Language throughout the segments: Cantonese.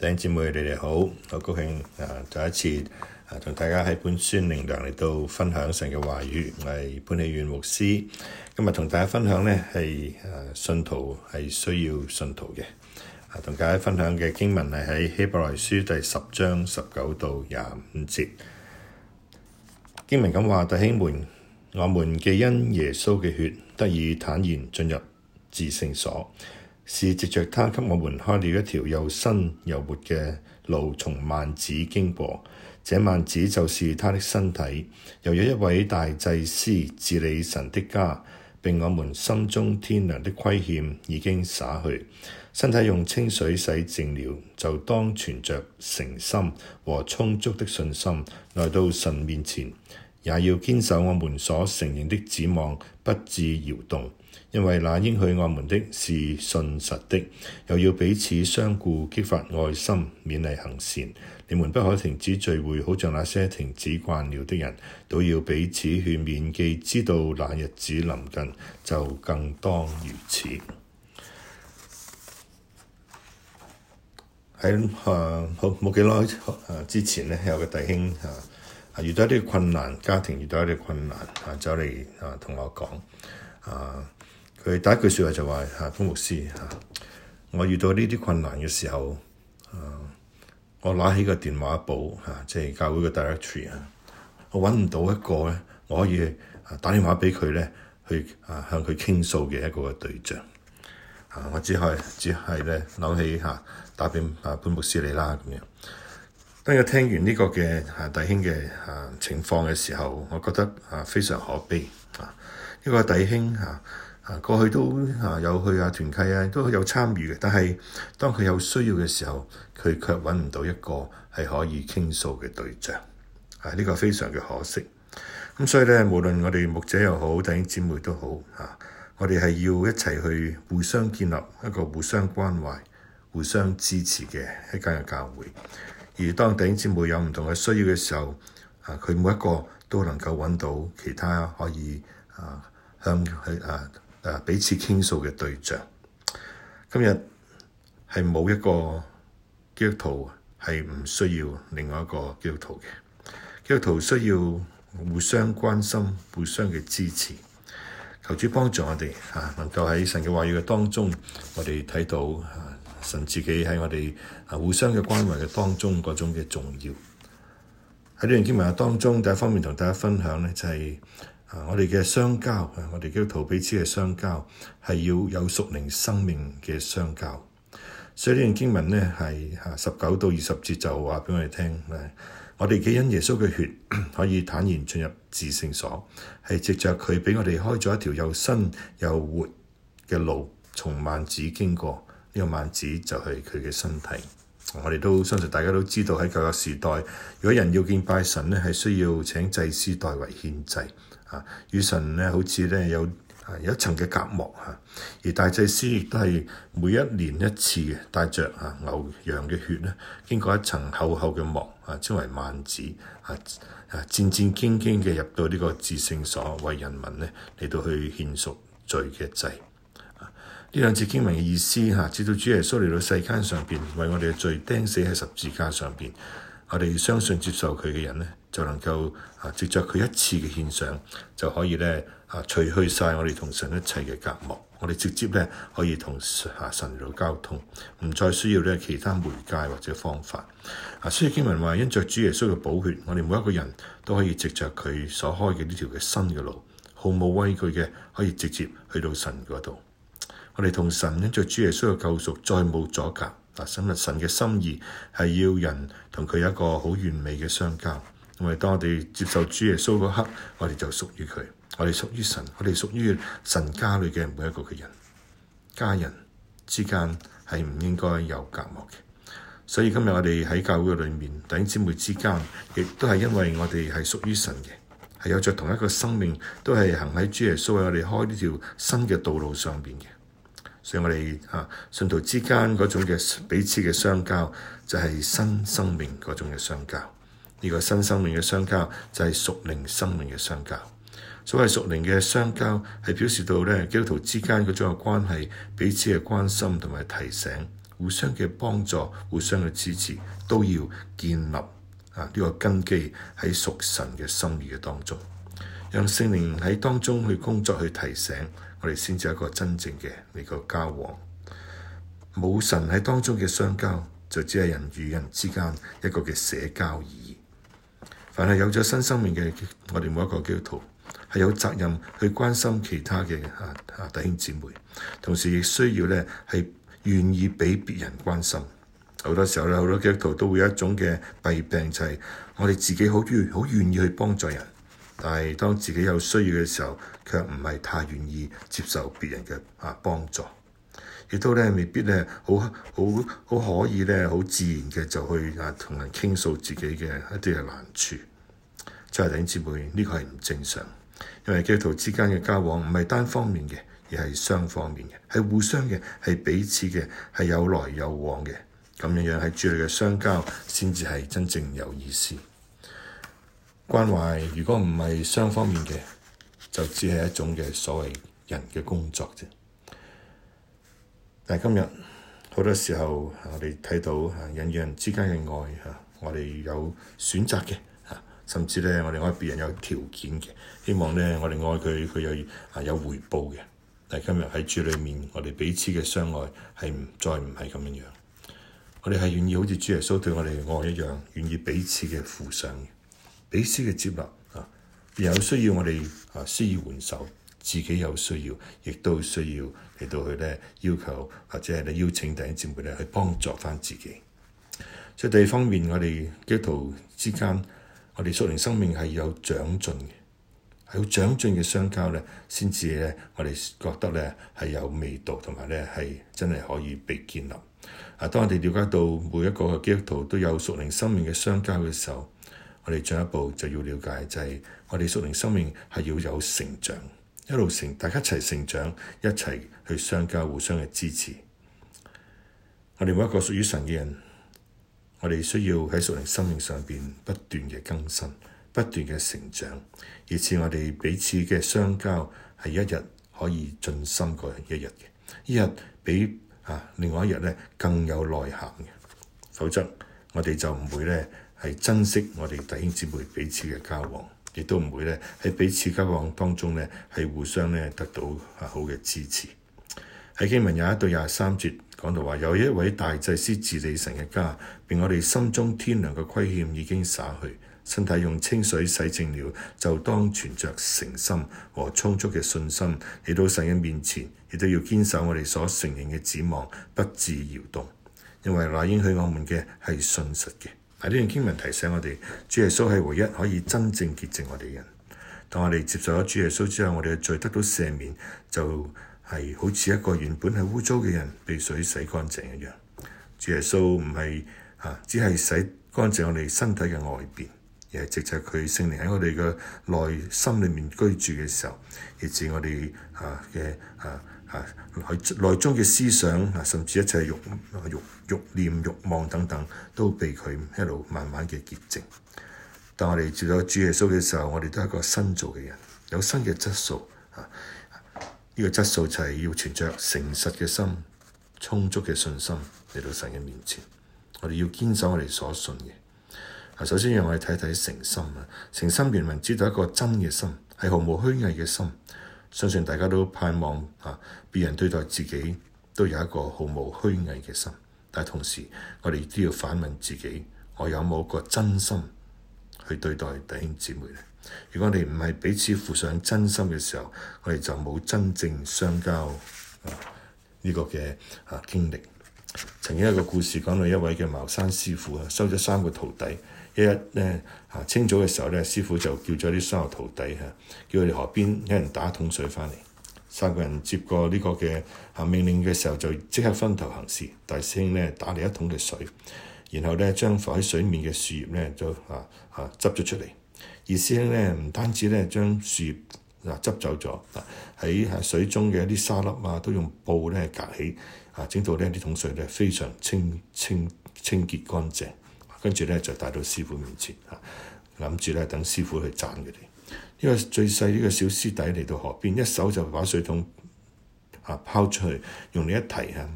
弟兄姊妹，你哋好，好高興啊！第一次啊，同大家喺本宣明糧嚟到分享神嘅話語，我係潘啟遠牧師。今日同大家分享呢係啊，信徒係需要信徒嘅。啊，同大家分享嘅經文係喺希伯來書第十章十九到廿五節。經文咁話：弟兄們，我們既因耶穌嘅血得以坦然進入至聖所。是藉着他給我們開了一條又新又活嘅路，從萬子經過，這萬子就是他的身體。又有一位大祭司治理神的家，並我們心中天良的虧欠已經灑去。身體用清水洗淨了，就當存着誠心和充足的信心來到神面前，也要堅守我們所承認的指望，不致搖動。因為那應許我們的是信實的，又要彼此相顧，激發愛心，勉勵行善。你們不可停止聚會，好像那些停止慣了的人。都要彼此勸勉，既知道那日子臨近，就更當如此。喺 啊，好冇幾耐啊之前咧，有個弟兄啊，啊遇到一啲困難，家庭遇到一啲困難啊，走嚟啊同我講啊。佢第一句説話就話：嚇潘牧師，嚇我遇到呢啲困難嘅時候，啊，我攞起個電話簿，嚇即係教會嘅 directory 啊，我揾唔到一個咧，我可以啊打電話俾佢咧，去啊向佢傾訴嘅一個嘅對象。啊，我只係只係咧諗起嚇打俾啊潘牧師你啦咁樣。當佢聽完呢個嘅啊弟兄嘅啊情況嘅時候，我覺得啊非常可悲啊，呢個弟兄嚇。啊！過去都啊有去啊團契啊，都有參與嘅。但係當佢有需要嘅時候，佢卻揾唔到一個係可以傾訴嘅對象，啊！呢個非常嘅可惜。咁所以咧，無論我哋牧者又好，弟兄姊妹都好，啊！我哋係要一齊去互相建立一個互相關懷、互相支持嘅一間嘅教會。而當弟兄姊妹有唔同嘅需要嘅時候，啊！佢每一個都能夠揾到其他可以啊向佢啊～彼此傾訴嘅對象，今日係冇一個基督徒係唔需要另外一個基督徒嘅，基督徒需要互相關心、互相嘅支持。求主幫助我哋嚇、啊，能夠喺神嘅話語嘅當中，我哋睇到、啊、神自己喺我哋互相嘅關懷嘅當中嗰種嘅重要。喺呢段經文嘅當中，第一方面同大家分享咧就係、是。我哋嘅相交，我哋基督徒彼此嘅相交係要有屬靈生命嘅相交，所以呢段經文呢，係吓十九到二十節就話畀我哋聽，我哋既因耶穌嘅血 可以坦然進入至聖所，係藉着佢畀我哋開咗一條又新又活嘅路，從幔子經過呢、這個幔子就係佢嘅身體。我哋都相信大家都知道喺舊約時代，如果人要見拜神呢，係需要請祭司代為獻祭。啊，與神咧好似咧有啊有一層嘅隔膜嚇，而大祭司亦都係每一年一次嘅，帶着啊牛羊嘅血咧，經過一層厚厚嘅膜啊，稱為幔子啊啊戰戰兢兢嘅入到呢個至聖所為人民咧嚟到去獻贖罪嘅祭。呢兩節經文嘅意思嚇，直到主耶穌嚟到世間上邊為我哋嘅罪釘死喺十字架上邊，我哋相信接受佢嘅人咧。就能夠啊！藉著佢一次嘅獻上，就可以咧啊，除去晒我哋同神一切嘅隔膜，我哋直接咧可以同啊神做交通，唔再需要咧其他媒介或者方法啊。所以經文話：因着主耶穌嘅寶血，我哋每一個人都可以藉著佢所開嘅呢條嘅新嘅路，毫無畏懼嘅可以直接去到神嗰度。我哋同神因着主耶穌嘅救贖，再冇阻隔嗱。深入神嘅心意係要人同佢有一個好完美嘅相交。因為當我哋接受主耶穌嗰刻，我哋就屬於佢，我哋屬於神，我哋屬於神家裏嘅每一個嘅人。家人之間係唔應該有隔膜嘅，所以今日我哋喺教會裏面弟兄姊妹之間，亦都係因為我哋係屬於神嘅，係有着同一個生命，都係行喺主耶穌為我哋開呢條新嘅道路上邊嘅。所以我哋啊，信徒之間嗰種嘅彼此嘅相交，就係、是、新生命嗰種嘅相交。呢個新生命嘅相交就係、是、屬靈生命嘅相交。所謂屬靈嘅相交係表示到咧，基督徒之間嘅嗰種關係，彼此嘅關心同埋提醒，互相嘅幫助，互相嘅支持，都要建立啊呢個根基喺屬神嘅心意嘅當中，讓聖靈喺當中去工作去提醒我哋，先至係一個真正嘅呢個交往。冇神喺當中嘅相交，就只係人與人之間一個嘅社交而已。凡係有咗新生命嘅，我哋每一個基督徒係有責任去關心其他嘅啊弟兄姊妹，同時亦需要咧係願意畀別人關心。好多時候咧，好多基督徒都會有一種嘅弊病，就係我哋自己好願好願意去幫助人，但係當自己有需要嘅時候，卻唔係太願意接受別人嘅啊幫助。亦都未必咧，好好好可以咧，好自然嘅就去啊同人傾訴自己嘅一啲嘅難處。就係弟兄姊妹呢、這個係唔正常，因為基督徒之間嘅交往唔係單方面嘅，而係雙方面嘅，係互相嘅，係彼此嘅，係有來有往嘅，咁樣樣係主要嘅相交先至係真正有意思。關懷如果唔係雙方面嘅，就只係一種嘅所謂人嘅工作啫。但今日好多時候，我哋睇到人與人之間嘅愛，嚇，我哋有選擇嘅，嚇，甚至咧，我哋愛別人有條件嘅。希望咧，我哋愛佢，佢有嚇有回報嘅。但係今日喺主裏面，我哋彼此嘅相愛係再唔係咁樣樣。我哋係願意好似主耶穌對我哋嘅愛一樣，願意彼此嘅扶上、彼此嘅接納，嚇，有需要我哋嚇施以援手。自己有需要，亦都需要嚟到佢咧要求，或者係咧邀請弟兄姊妹咧去幫助翻自己。所以第二方面，我哋基督徒之間，我哋屬靈生命係有長進嘅，係有長進嘅相交咧，先至咧我哋覺得咧係有味道，同埋咧係真係可以被建立。啊！當我哋了解到每一個嘅基督徒都有屬靈生命嘅相交嘅時候，我哋進一步就要了解就係、是、我哋屬靈生命係要有成長。一路成，大家一齊成長，一齊去相交，互相嘅支持。我哋每一個屬於神嘅人，我哋需要喺屬靈生命上邊不斷嘅更新，不斷嘅成長，以至我哋彼此嘅相交係一日可以進深過一日嘅。一日比啊另外一日咧更有內涵嘅，否則我哋就唔會咧係珍惜我哋弟兄姊妹彼此嘅交往。亦都唔會咧，喺彼此交往當中咧，係互相咧得到好嘅支持。喺經文廿一到廿三節講到話，有一位大祭司治理神嘅家，被我哋心中天良嘅虧欠已經灑去，身體用清水洗淨了，就當存着誠心和充足嘅信心，嚟到神嘅面前，亦都要堅守我哋所承認嘅指望，不至搖動，因為那應許我們嘅係信實嘅。喺呢段經文提醒我哋，主耶穌係唯一可以真正潔淨我哋嘅人。當我哋接受咗主耶穌之後，我哋嘅罪得到赦免，就係、是、好似一個原本係污糟嘅人被水洗乾淨一樣。主耶穌唔係啊，只係洗乾淨我哋身體嘅外邊，而係藉著佢聖靈喺我哋嘅內心裡面居住嘅時候，以至我哋啊嘅啊。啊啊，內內中嘅思想啊，甚至一切慾慾，慾，慾念、慾望等等，都被佢一路慢慢嘅潔淨。當我哋接到主耶穌嘅時候，我哋都係一個新造嘅人，有新嘅質素。啊，呢、呢個質素就係要存着誠實嘅心、充足嘅信心嚟到神嘅面前。我哋要堅守我哋所信嘅。啊，首先讓我哋睇睇誠心啊，誠心原文指就係一個真嘅心，係毫無虛偽嘅心。相信大家都盼望啊，別人對待自己都有一個毫無虛偽嘅心。但係同時，我哋亦都要反問自己，我有冇個真心去對待弟兄姊妹咧？如果我哋唔係彼此付上真心嘅時候，我哋就冇真正相交呢個嘅啊經歷。曾經一個故事講到一位嘅茅山師傅啊，收咗三個徒弟。一日呢啊，清早嘅時候呢，師傅就叫咗啲三號徒弟啊，叫佢哋河邊有人打一桶水翻嚟。三個人接過呢個嘅啊命令嘅時候，就即刻分頭行事。大師兄呢打嚟一桶嘅水，然後呢將浮喺水面嘅樹葉呢就啊啊執咗出嚟。二師兄呢唔單止呢將樹葉執走咗，喺水中嘅一啲沙粒啊都用布呢隔起，啊、啊、整到呢啲桶水呢非常清清清潔乾淨。跟住咧就帶到師傅面前嚇，諗住咧等師傅去讚佢哋。呢個最細呢個小師弟嚟到河邊，一手就把水桶啊，拋出去，用力一提啊，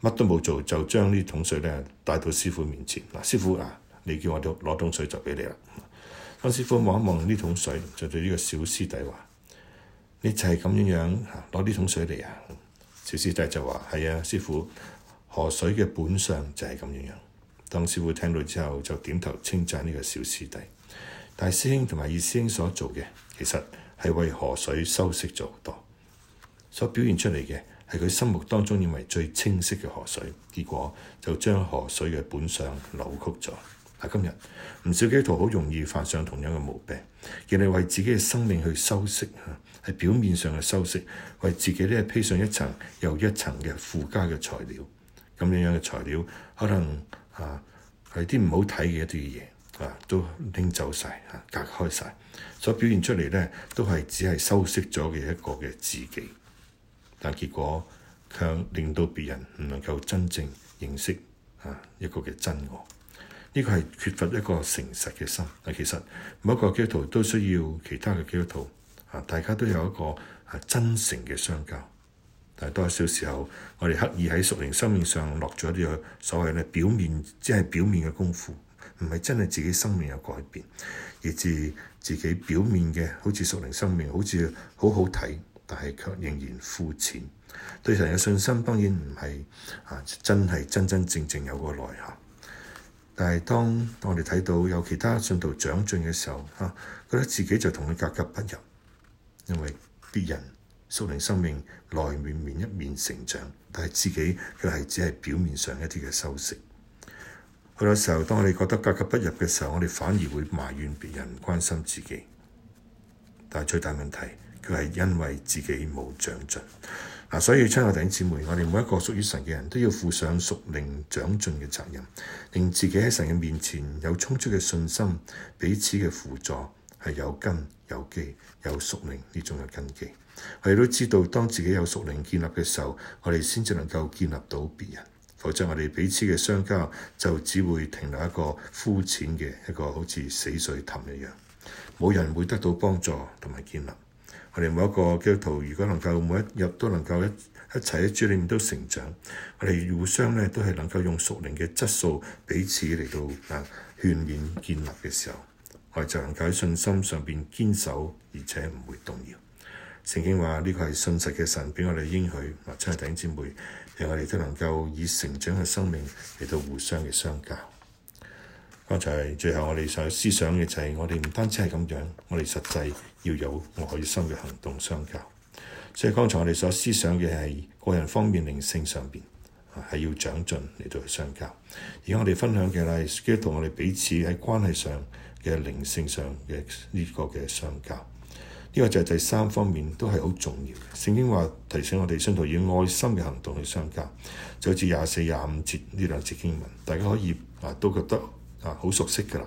乜都冇做就將呢桶水咧帶到師傅面前嗱。師傅啊，你叫我就攞桶水就畀你啦。咁師傅望一望呢桶水，就對呢個小師弟話：你就係咁樣樣嚇，攞呢桶水嚟啊！小師弟就話：係啊，師傅，河水嘅本相就係咁樣樣。鄧師傅聽到之後就點頭稱讚呢個小師弟。大師兄同埋二師兄所做嘅，其實係為河水修飾咗好多，所表現出嚟嘅係佢心目當中認為最清晰嘅河水。結果就將河水嘅本相扭曲咗。嗱，今日唔少基督徒好容易犯上同樣嘅毛病，而你為自己嘅生命去修飾，係表面上嘅修飾，為自己咧披上一層又一層嘅附加嘅材料。咁樣樣嘅材料可能。啊，係啲唔好睇嘅一啲嘢，啊都拎走晒，啊隔開晒。所表現出嚟咧都係只係修飾咗嘅一個嘅自己，但結果卻令到別人唔能夠真正認識啊一個嘅真我。呢個係缺乏一個誠實嘅心。啊，其實每一個基督徒都需要其他嘅基督徒，啊，大家都有一個啊真誠嘅相交。但係多少時候，我哋刻意喺屬靈生命上落咗啲所謂嘅表面，即係表面嘅功夫，唔係真係自己生命有改變，而至自己表面嘅好似屬靈生命好似好好睇，但係卻仍然膚淺，對神嘅信心當然唔係啊真係真真正正有個內涵。但係當當我哋睇到有其他信徒長進嘅時候，啊覺得自己就同佢格格不入，因為啲人。屬靈生命內面面一面成長，但係自己佢係只係表面上一啲嘅修飾。好多時候，當我哋覺得格格不入嘅時候，我哋反而會埋怨別人唔關心自己。但係最大問題，佢係因為自己冇長進。啊、所以親愛弟兄姊妹，我哋每一個屬於神嘅人都要負上屬靈長進嘅責任，令自己喺神嘅面前有充足嘅信心，彼此嘅輔助係有根有基有屬靈呢種嘅根基。我哋都知道，當自己有屬靈建立嘅時候，我哋先至能夠建立到別人。否則，我哋彼此嘅相交就只會停留一個膚淺嘅一個好似死水潭一樣，冇人會得到幫助同埋建立。我哋每一個基督徒，如果能夠每一日都能夠一一齊喺主裏面都成長，我哋互相咧都係能夠用屬靈嘅質素彼此嚟到啊勸勉建立嘅時候，我哋就能夠喺信心上邊堅守而且唔會動搖。聖經話：呢、這個係信實嘅神畀我哋應許，或者係弟兄姊妹，讓我哋都能夠以成長嘅生命嚟到互相嘅相交。剛才最後我哋所思想嘅就係、是、我哋唔單止係咁樣，我哋實際要有愛心嘅行動相交。所以剛才我哋所思想嘅係個人方面靈性上邊係要長進嚟到相交。而我哋分享嘅係跟同我哋彼此喺關係上嘅靈性上嘅呢、這個嘅相交。呢個就係第三方面，都係好重要。聖經話提醒我哋，信徒要以愛心嘅行動去相交，就好似廿四、廿五節呢兩節經文，大家可以啊都覺得啊好熟悉㗎啦。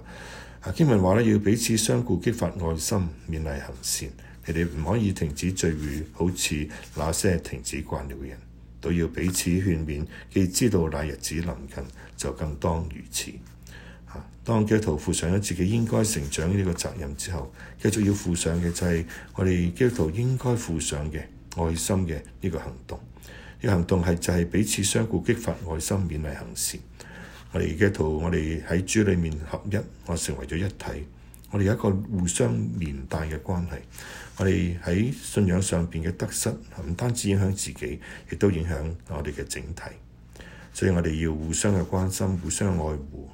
啊經文話咧，要彼此相顧，激發愛心，勉勵行善。你哋唔可以停止聚會，好似那些停止慣了嘅人，都要彼此勸勉。既知道那日子臨近，就更當如此。當基督徒負上咗自己應該成長呢個責任之後繼續要負上嘅就係我哋基督徒應該負上嘅愛心嘅呢個行動。呢個行動係就係彼此相互激發愛心，勉勵行善。我哋基督徒，我哋喺主裏面合一，我成為咗一體。我哋有一個互相連帶嘅關係。我哋喺信仰上邊嘅得失，唔單止影響自己，亦都影響我哋嘅整體。所以我哋要互相嘅關心，互相愛護。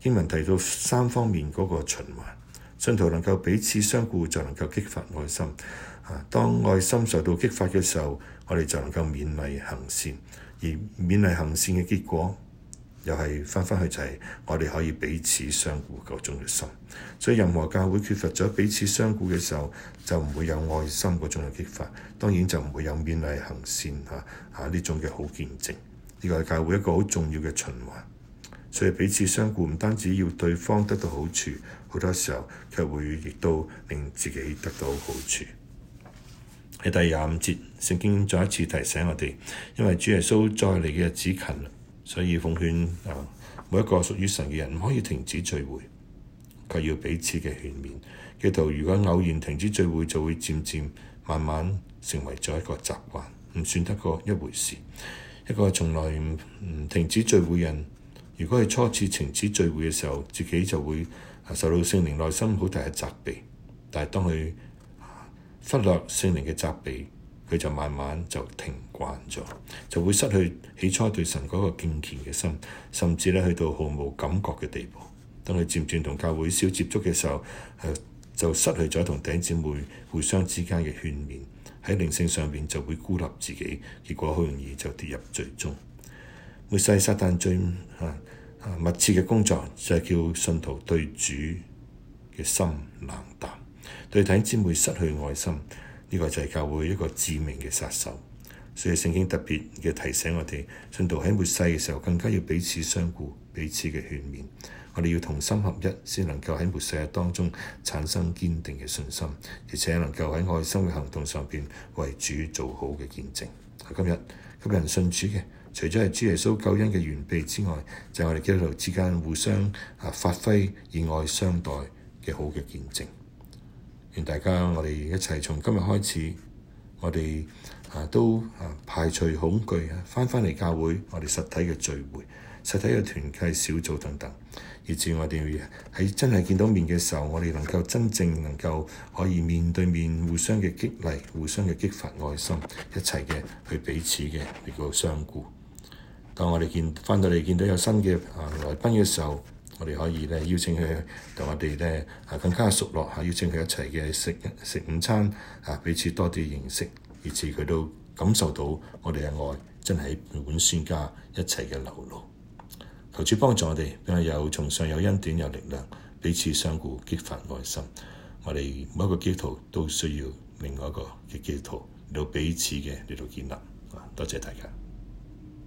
經文提到三方面嗰個循環，信徒能夠彼此相顧，就能夠激發愛心。啊，當愛心受到激發嘅時候，我哋就能夠勉勵行善，而勉勵行善嘅結果又係翻返去就係我哋可以彼此相顧嗰種嘅心。所以任何教會缺乏咗彼此相顧嘅時候，就唔會有愛心嗰種嘅激發，當然就唔會有勉勵行善嚇嚇呢種嘅好見證。呢個係教會一個好重要嘅循環，所以彼此相顧，唔單止要對方得到好處，好多時候卻會亦都令自己得到好處。喺第二十五節，聖經再一次提醒我哋，因為主耶穌再嚟嘅日子近，所以奉勸啊，每一個屬於神嘅人唔可以停止聚會，佢要彼此嘅勸勉。基督徒如果偶然停止聚會，就會漸漸慢慢成為咗一個習慣，唔算得過一回事。一個從來唔停止聚會嘅人，如果係初次停止聚會嘅時候，自己就會受到聖靈內心好大嘅責備。但係當佢忽略聖靈嘅責備，佢就慢慢就停慣咗，就會失去起初對神嗰個敬虔嘅心，甚至咧去到毫無感覺嘅地步。當佢漸漸同教會少接觸嘅時候，就失去咗同弟兄姊妹互相之間嘅勸勉。喺靈性上面就會孤立自己，結果好容易就跌入罪中。末世撒旦最、啊啊、密切嘅工作就係叫信徒對主嘅心冷淡，對體姊妹失去愛心，呢、這個就係教會一個致命嘅殺手。所以聖經特別嘅提醒我哋，信徒喺末世嘅時候更加要彼此相顧，彼此嘅勸勉。我哋要同心合一，先能夠喺末世當中產生堅定嘅信心，而且能夠喺愛心嘅行動上邊為主做好嘅見證。今日，今日信主嘅，除咗係主耶穌救恩嘅完備之外，就係我哋基督徒之間互相啊發揮以愛相待嘅好嘅見證。願大家我哋一齊從今日開始，我哋啊都啊排除恐懼啊，翻返嚟教會，我哋實體嘅聚會。實體嘅團契小組等等，以至，我哋喺真係見到面嘅時候，我哋能夠真正能夠可以面對面互相嘅激勵、互相嘅激發愛心，一齊嘅去彼此嘅呢個相顧。當我哋見翻到嚟見到有新嘅啊來賓嘅時候，我哋可以咧邀請佢同我哋咧啊更加熟絡嚇，邀請佢一齊嘅食食午餐啊，彼此多啲認識，以至佢都感受到我哋嘅愛真係滿滿專家一齊嘅流露。求主幫助我哋，並有從上有恩典、有力量，彼此相顧，激發愛心。我哋每一個基督徒都需要另外一個嘅基督徒嚟到彼此嘅嚟到建立。啊，多謝大家。